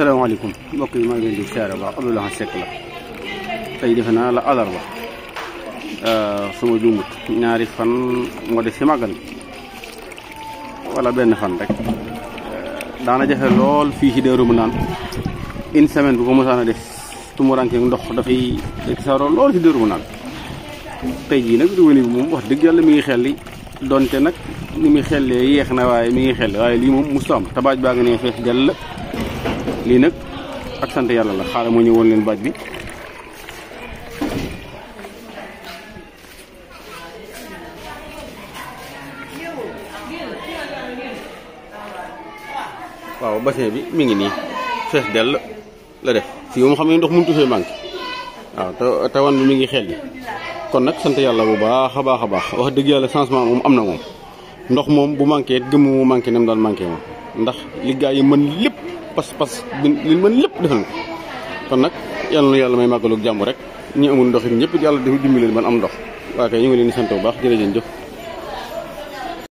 asalaamaaleykum mbokk yi maa ngi leen di siyaare baax Abdoulaye Seck la tey defe naa la alarba euh, suma juumut ñaari fan moo def si màggal wala benn fan rek euh, daana jafe lool fii ci bu naan une semaine bu ko mosaan a def tumuranke ndox dafay saaroo lool ci bu Minaan tey jii nag réew mi moom wax dëgg yàlla mi ngi xel li donte nag ni muy xellee yéex na waaye mi ngi xel waaye lii moom musta am tabaaj baa nga ne fees dell lii nag ak sant yàlla la xaaral ma ñëwoon leen baaj bi waaw bassin bi mi ngi nii fees dell la def fii moom xam ne ndox mënut fee manqué waaw te wan bi mi ngi xel yi kon nag sant yàlla bu baax a baax a baax wax dëgg yàlla changement moom am na moom ndox moom bu manqué it gëmmu mu manqué nem daan manqué moom ndax li gaa yi mën lépp pas-pas li mën lépp defal kon nag yàlla na yàlla may màggalu jàmm rek ñu amul ndox it ñëpp yàlla dimbali leen man am ndox waaye kay ñu ngi leen di sant bu baax jërëjëf